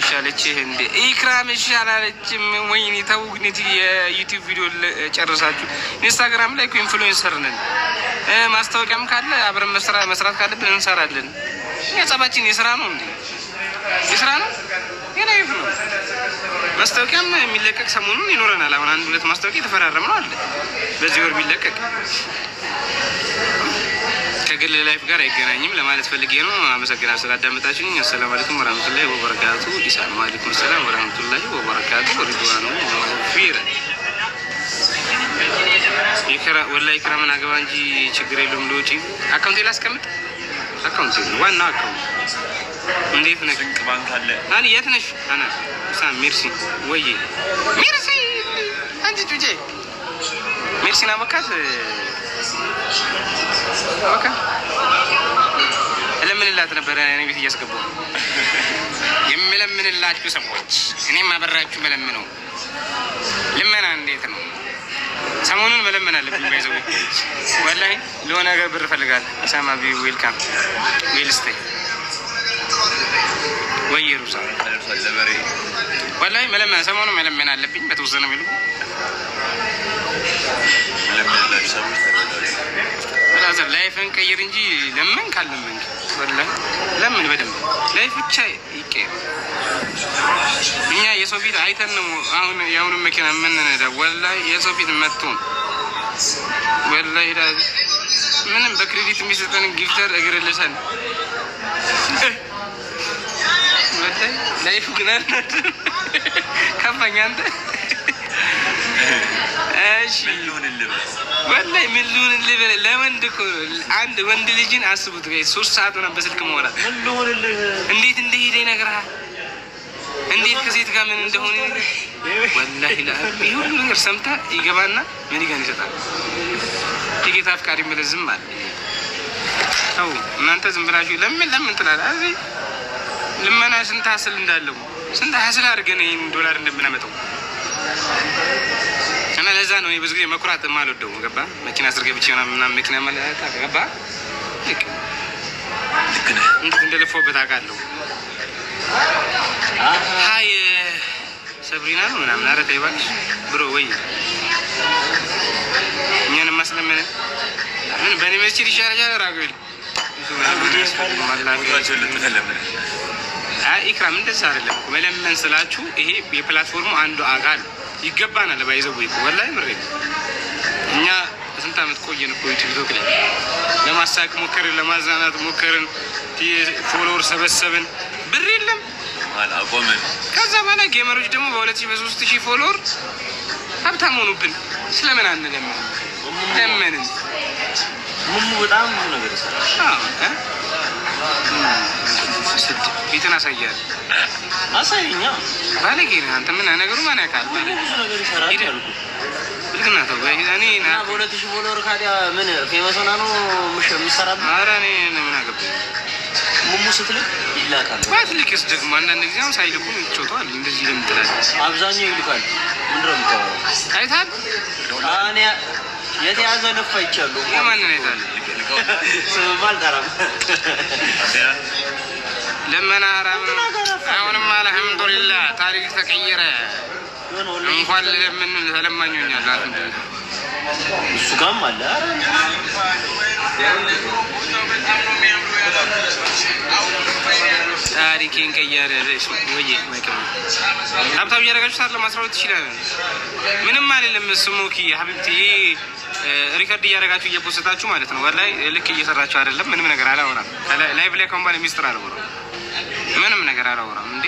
ኢክራም ሻለች እንዴ? ኢክራም ሻላለች። ወይኔ ተው፣ ግንት የዩቲዩብ ቪዲዮ ጨርሳችሁ ኢንስታግራም ላይ እኮ ኢንፍሉዌንሰር ነን። ማስታወቂያም ካለ አብረን መስራት ካለብን እንሰራለን። ጸባችን የስራ ነው እንዴ? የስራ ነው የላይፍ ነው። ማስታወቂያም የሚለቀቅ ሰሞኑን ይኖረናል። አሁን አንድ ሁለት ማስታወቂያ የተፈራረምነው አለ በዚህ ወር የሚለቀቅ ከግል ላይፍ ጋር አይገናኝም ለማለት ፈልጌ ነው። አመሰግናለሁ ስላዳመጣችሁ። አሰላሙ አለይኩም ወራህመቱላሂ ወበረካቱ። ዲሳን ነው። ሰላም ወራህመቱላሂ ወበረካቱ። ሪድዋኑ ፊረ ወላሂ ክረምን አገባ እንጂ ችግር የለውም። ለውጪ አካውንት ላስቀምጥ። አካውንት ዋና አካውንት። እንዴት ነህ? የት ነሽ? አና ኢሳ ሜርሲ ወይ ሜርሲ አንቺ ጁጄ ሜርሲ ናመካት እለምንላት ነበረ እኔ ቤት እያስገባሁ የምለምንላችሁ ሰዎች እኔም አበራችሁ መለምነው። ልመና እንዴት ነው? ሰሞኑን መለመን አለብኝ። ባይዘው ወላሂ ለሆነ ነገር ብር እፈልጋለሁ። ሳማ ቢ ዌልካም ዌልስቴ ወይ ሩዛ ወላሂ መለመን ሰሞኑ መለመን አለብኝ በተወሰነ ሚሉ ብራዘር ላይፍን ቀይር እንጂ ለምን ካልለምን ወላሂ ለምን በደንብ ላይፍ ብቻ ይቀየር። እኛ የሰው ፊት አይተን ነው አሁን የአሁኑ መኪና የምንነዳው። ወላሂ የሰው ፊት መጥቶ ወላሂ ምንም በክሬዲት የሚሰጠን ጊፍተር እግር ልሰን ላይፍ ግን ከፋኝ። አንተ እሺ፣ ወላሂ ምን ልሁንልህ ለወንድ እኮ አንድ ወንድ ልጅን አስቡት ሶስት ሰዓት ምናምን በስልክ መውራት እንዴት እንደሄደ ይነግርሃል። እንዴት ከሴት ጋር ምን እንደሆነ ወላሂ ሁሉ ነገር ሰምታ ይገባና ምን ይገን ይሰጣል። የጌታ አፍቃሪ አለ። ተው እናንተ ዝም ብላችሁ ለምን ለምን ትላለህ? ልመና ስንት ሀስል እንዳለው ስንት ሀስል አድርገን ይህን ዶላር እንደምናመጣው እና ለዛ ነው ብዙ ጊዜ መኩራት የማልወደው። ገባ መኪና ስር ሆና ምናምን መኪና ገባ እንዴት እንደለፈውበት አውቃለሁ። ሀይ ሰብሪና ነው ምናምን ኧረ ተይ እባክሽ ብሮ ወይ እኛን ማስለመን ምን በኔ መስችል ይሻላል ራጉል ኢክራም እንደዛ አይደለም። መለመን ስላችሁ ይሄ የፕላትፎርሙ አንዱ አካል ይገባናል። ባይዘው ወይ ወላሂ ምሬ እኛ ስንት ዓመት ቆየን እኮ ቲክቶክ ላይ ለማሳቅ ሞከርን፣ ለማዝናናት ሞከርን፣ ፎሎወር ሰበሰብን፣ ብር የለም አቆምን። ከዛ በኋላ ጌመሮች ደግሞ በሁለት ሺህ በሶስት ሺህ ፎሎወር ሀብታም ሆኑብን። ስለምን አንለምን? ለመንን ሙሙ በጣም ብዙ ነገር ይሰራል ቤትን አሳያል አሳይኛ ባለጌ ነህ አንተ። ምን ነገሩ ማን ያውቃል? ብዙ ነገር ይሰራል። ብልግና ተው። እኔ በሁለት ሺህ ቦሎር ካዲያ ምን ፌመስ ሆና ነው የሚሰራብህ? ኧረ እኔ ምን አገባኝ። ሙሙ ስትልክ ይላካል። ባትልክስ ደግሞ አንዳንድ ጊዜ አሁን ሳይልኩ ጮቷል። እንደዚህ ለምትላል አብዛኛው ይልካል። ምንድን ነው የምታወራው? አይተሃል? የተያዘ ነፋ ይቻሉ ማንን አይተሃል? ለመና አራም ነው። አሁንማ ታሪክ ተቀየረ። እንኳን ለምን ተለማኞኛል። እሱ ጋም አለ ታሪኬን ቀየረ። ወይ መቅም ሀብታም እያደረጋችሁ ታለ ማስራወት ትችላለ። ምንም አይደለም። ስሞኪ ሀቢብቲ ሪከርድ እያደረጋችሁ እየፖስታችሁ ማለት ነው። ወላይ ልክ እየሰራችሁ አይደለም። ምንም ነገር አላወራም። ላይቭ ላይ ኮምባን ሚስጥር አላወራም። ምንም ነገር አላወራም። እንዴ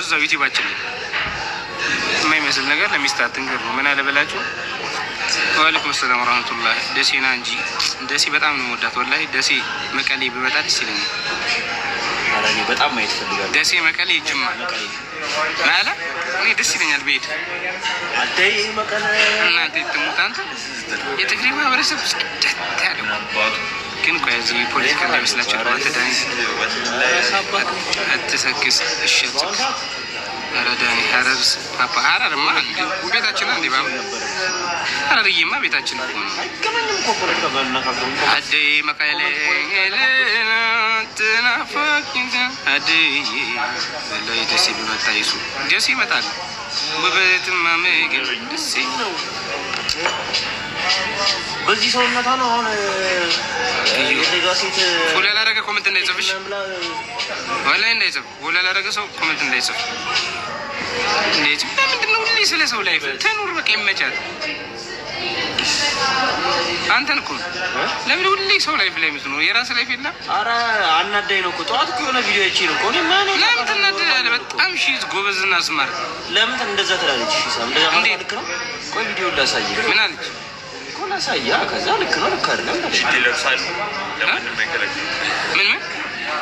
እዛው ዩቲዩባችን ላይ የማይመስል ነገር ለሚስት አትንገር ነው ምን አለበላችሁ ዋለይኩም ሰላም ወራህመቱላህ። ደሴ ና እንጂ ደሴ በጣም ነው የምወዳት። ወላሂ ደሴ መቀሌ ብመጣ ደስ ይለኛል። በጣም ማየት እፈልጋለሁ። ደሴ፣ መቀሌ፣ ጅማ ናለ እኔ ደስ ይለኛል ብሄድ። እናንተ የትሙት አንተ የትግሬ ማህበረሰብ ጽደት ያለ ግን እኮ እዚህ ፖለቲካ እንዳይመስላቸው አንተ ዳኒ አትሰክስ፣ እሺ አትሰክስ። ኧረ ዳኒ ሀረርስ ሀረርማ ቤታችን አንዴ ባባ ሀረርዬማ ቤታችን ነው። አደይ መቀሌ ትናፈቅ አደይ ላይ ደሴ ይሱ ደሴ ይመጣል። ውበትማ ምግብ ደሴ በዚህ ሰውነቷ ነው። አሁን ጎል ያላረገ ኮመንት እንዳይጽፍሽ፣ ወላሂ እንዳይጽፍ ጎል ያላረገ ሰው ኮመንት እንዳይጽፍ ኢትዮጵያ ምንድን ነው ሁሌ ስለ ሰው ላይ ትኑር፣ በቃ ይመቻት። አንተን እኮ ለምን ሁሌ ሰው ላይፍ ላይ የምትኖር የራስህ ላይፍ የለም? ኧረ አናዳኝ ነው እኮ ጠዋት እኮ የሆነ ቪዲዮ አይቼ ነው እኮ እኔ። ለምን ትናደዳለህ? በጣም ሺህ ጎበዝ እና ስማርት። ለምን እንደዛ ትላለች? ሺህ እንደዛ ማለት ልክ ነው። ቆይ ቪዲዮ ላሳየህ። ምን አለች? ላሳያ ከዛ ልክ ነው ልክ አይደለም ምን ምን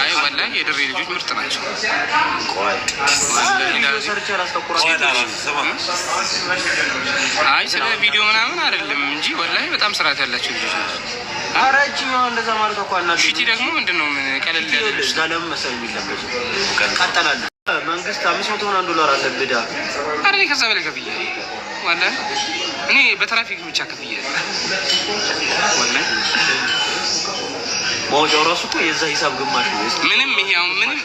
አይ ወላሂ የድሬ ልጆች ምርጥ ናቸው። አይ ስለ ቪዲዮ ምናምን አይደለም እንጂ ወላሂ በጣም ስርዓት ያላቸው ልጆች ናቸው። ሽቲ ደግሞ ምንድን ነው ቀለል መንግስት አምስት መቶ ዶላር አለ ከዛ በላይ ከፍያ አለ እኔ በትራፊክ ብቻ ክፍያ አለ ማውጫው ራሱ እኮ የዛ ሂሳብ ግማሽ ነው። ምንም ይሄ አሁን ምንም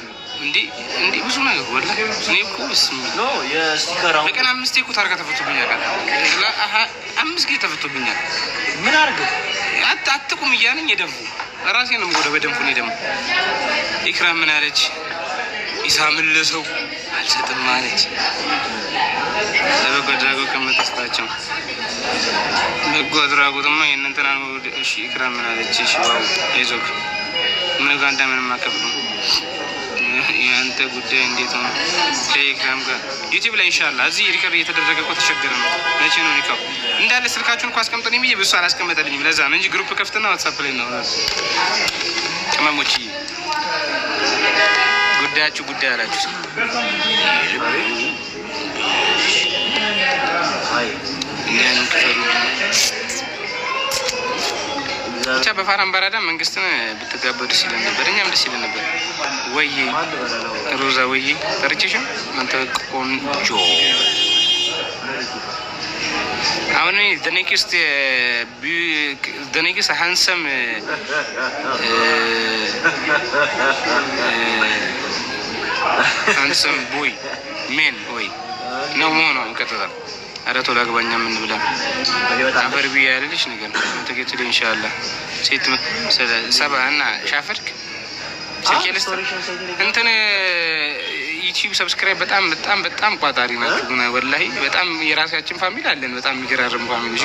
እንዴ እንዴ ብዙ ነገር ወላ እኔ እኮ ስም ኖ የስቲከር አሁን በቀን አምስት እኮ ታርጋ ተፈቶብኛል። አላ አሃ አምስት ጊዜ ተፈቶብኛል። ምን አርግ አት አትቁም እያለኝ የደንቡ ራሴ ነው ወደ በደንቡ ነው ደንቡ ኢክራ ምን አለች? ኢሳ ለሰው አልሰጥም አለች። ተስፋቸው በጎ አድራጎትማ የእናንተና ነው። እሺ ኢክራም ምን አለች? እሺ ዋው ምንም አከፍሉ የአንተ ጉዳይ እንዴት ነው? ከኢክራም ጋር ዩቲብ ላይ እንሻላ እዚህ ሪከር እየተደረገ እኮ ተቸገረ ነው። መቼ ነው ሪከር እንዳለ ስልካችሁን እኮ አስቀምጠን ብዬ ብሱ አላስቀመጠልኝም። ለዛ ነው እንጂ ግሩፕ ከፍትና ዋትሳፕ ላይ ነው። ቅመሞች ጉዳያችሁ ጉዳይ አላችሁ ብቻ በፋራን በራዳ መንግስትን ብትጋበው ደስ ይለን ነበር፣ እኛም ደስ ይለን ነበር። ወይ ሮዛ ወይ ጠርቼሽም አንተ ቆንጆ። አሁን ደነቂስት ደነቂስ ሀንሰም ሀንሰም ቦይ ሜን ወይ ነው መሆኗ ይቀጥታል ኧረ ቶሎ አግባኝ ምን ብላ አፈር ብዬ ያለልሽ ነገር ትግትል እንሻላ ሴት ሰባ እና ሻፈርክ እንትን ዩቲዩብ ሰብስክራይብ በጣም በጣም በጣም ቋጣሪ ናችሁ። ወላሂ በጣም የራሳችን ፋሚሊ አለን። በጣም የሚገራርም ፋሚሊ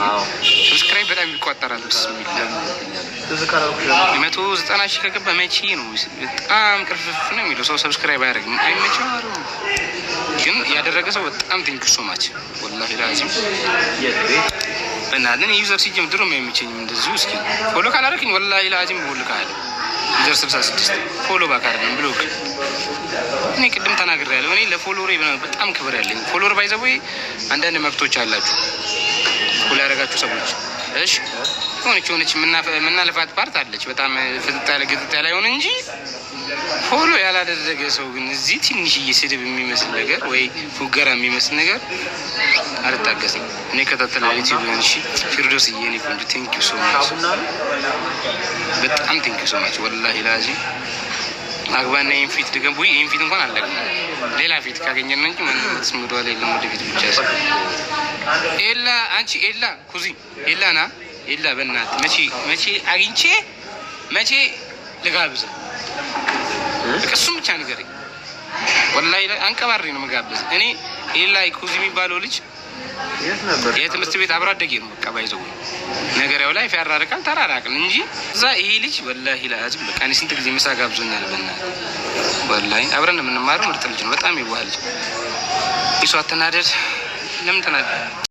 ሰብስክራይብ በጣም ይቋጠራል። ስ መቶ ዘጠና ሺህ ከገባ መቼ ነው? በጣም ቅርፍፍ ነው የሚለው ሰው ሰብስክራይብ አያደርግም። አይመቸም ግን ያደረገ ሰው በጣም ቲንክ ሶ ማች ወላሂ ላዚም በእናትህ ዩዘር ሲጀም ድሮ የሚችኝ እንደዚሁ እስኪ ፎሎ ካላረክኝ ወላሂ ላዚም ቦልካለ ዩዘር ስልሳ ስድስት ፎሎ ባካር ነው ብሎክ እኔ ቅድም ተናግሬያለሁ። እኔ ለፎሎሬ በጣም ክብር ያለኝ ፎሎወር ባይዘቦ አንዳንድ መብቶች አላችሁ ሁላ ያደረጋችሁ ሰዎች እሺ ሆነች ሆነች የምናልፋት ፓርት አለች። በጣም ፍጥጥ ያለ ግጥጥ ያለ ይሆን እንጂ ፎሎ ያላደረገ ሰው ግን እዚህ ትንሽዬ ስድብ የሚመስል ነገር ወይ ፉገራ የሚመስል ነገር አልታገስም። እኔ ከታተለ ዩቲብ ሆን ሺ ፊርዶስ እየኔ ቆንጆ ቴንኪዩ ሶ ማች፣ በጣም ቴንኪዩ ሶ ማች። ወላሂ ላዚ አግባና ይህን ፊት ድገንቡ። ይህን ፊት እንኳን አለቅ ሌላ ፊት ካገኘና እንጂ ማንነት ስምዷ ላይ ለሞደ ብቻ ሰ ኤላ አንቺ ኤላ ኩዚ ኤላ ና ይላ በእናት መቼ መቼ አግኝቼ መቼ ልጋብዘ? እሱም ብቻ ንገረኝ። ወላሂ አንቀባሪ ነው መጋበዝ። እኔ ይላ ኩዚ የሚባለው ልጅ የትምህርት ቤት አብሮ አደጌ ነው። በቃ ባይዘው ያው ላይ ያራርቃል ተራራቅን እንጂ እዛ ይሄ ልጅ ወላሂ ለአዝም በቃ እኔ ስንት ጊዜ ምሳ ጋብዞኛል። በእናት ወላሂ አብረን የምንማረው ምርጥ ልጅ ነው። በጣም ይዋሃል ልጅ ይሷ አተናደድ ለምን ተናደ?